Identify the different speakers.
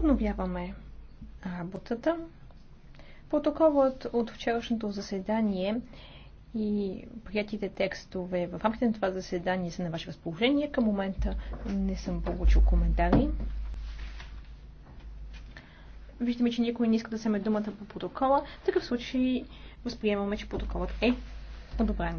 Speaker 1: Подновяваме работата. Протоколът от вчерашното заседание и приятите текстове в рамките на това заседание са на ваше разположение. Към момента не съм получил коментари. Виждаме, че никой не иска да вземе думата по протокола. В такъв случай възприемаме, че протоколът е одобрен.